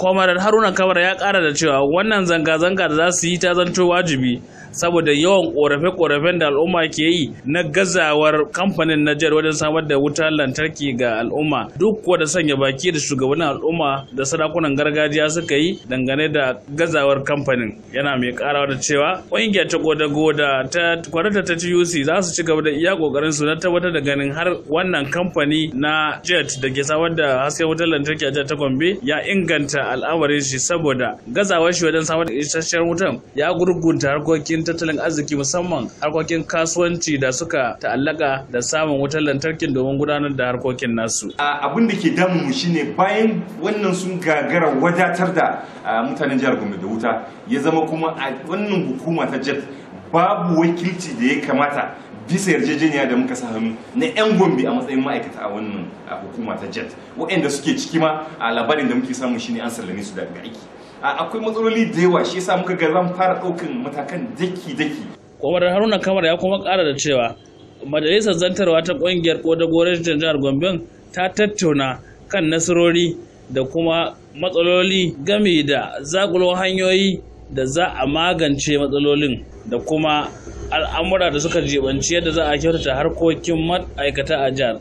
Kwamarar Haruna kamar ya ƙara da cewa, wannan zanga-zanga da za su yi ta zanto wajibi. saboda yawan korafe-korafen da al'umma ke yi na gazawar kamfanin Najar wajen samar da wutar lantarki ga al'umma duk kuwa da sanya baki da shugabannin al'umma da sarakunan gargajiya suka yi dangane da gazawar kamfanin yana mai karawa da cewa ƙungiyar ta goda-goda ta kwarata ta TUC za su ci gaba da iya kokarin su na tabbatar da ganin har wannan kamfani na jet da ke samar da hasken wutar lantarki a jihar ta Gombe ya inganta al'amarin shi saboda gazawar shi wajen samar da isasshen wutan ya gurgunta harkokin tattalin arziki musamman harkokin kasuwanci da suka ta'allaka da samun wutar lantarkin domin gudanar da harkokin nasu. Abin da ke damu shine bayan wannan sun gagara wadatar da mutanen jihar Gombe da wuta ya zama kuma a wannan hukuma ta jet babu wakilci da ya kamata bisa yarjejeniya da muka sa hannu na 'yan gombe a matsayin ma'aikata a wannan hukuma ta jet waɗanda suke ciki ma a labarin da muke samu shine an sallame su daga aiki akwai matsaloli da yawa shi yasa muka ga zan fara daukan matakan daki daki kwamar haruna kamar ya kuma kara da cewa majalisar zantarwa ta ƙungiyar kodagorin jihar gombe ta tattauna kan nasarori da kuma matsaloli game da zakulo hanyoyi da za a magance matsalolin da kuma al'amura da suka jibanci yadda za a kyautata harkokin ma'aikata a jihar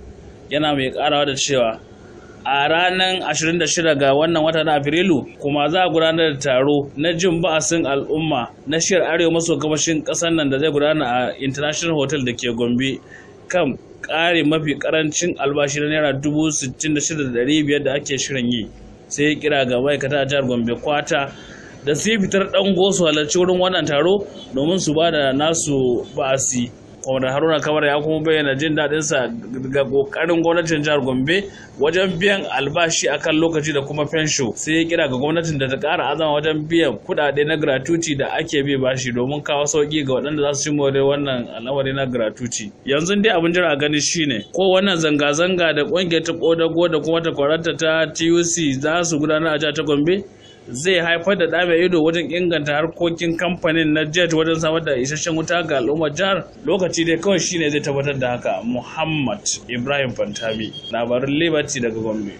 yana mai karawa da cewa a ranar 26 ga wannan watan na afrilu kuma za a gudanar da taro na jin ba'asin al'umma na shiyar arewa maso gabashin kasar nan da zai gudana a international hotel da ke gombe kan kare mafi karancin albashi na naira 66,500 da ake shirin yi sai kira ga ma'aikata a jihar gombe kwata da su fitar dan su halarci wurin wannan taro domin su ba da nasu ba'asi wanda haruna kamar ya kuma bayyana jin daɗinsa ga ƙoƙarin gwamnatin jihar gombe wajen biyan albashi a kan lokaci da kuma fensho sai ya kira ga gwamnatin da ta ƙara azama wajen biyan kuɗaɗe na gratuity da ake bi bashi domin kawo sauƙi ga waɗanda za su ci more wannan al'amari na gratuity yanzu dai abin jira a gani shine ko wannan zanga-zanga da ƙungiyar ta ƙodago da kuma ta kwararta ta tuc za su gudanar a jihar ta gombe zai haifar da ɗame ido wajen inganta harkokin kamfanin na jet wajen samar da isasshen wuta ga al'ummar jihar lokaci dai kawai shine zai tabbatar da haka muhammad ibrahim fantami labarin liberty daga gombe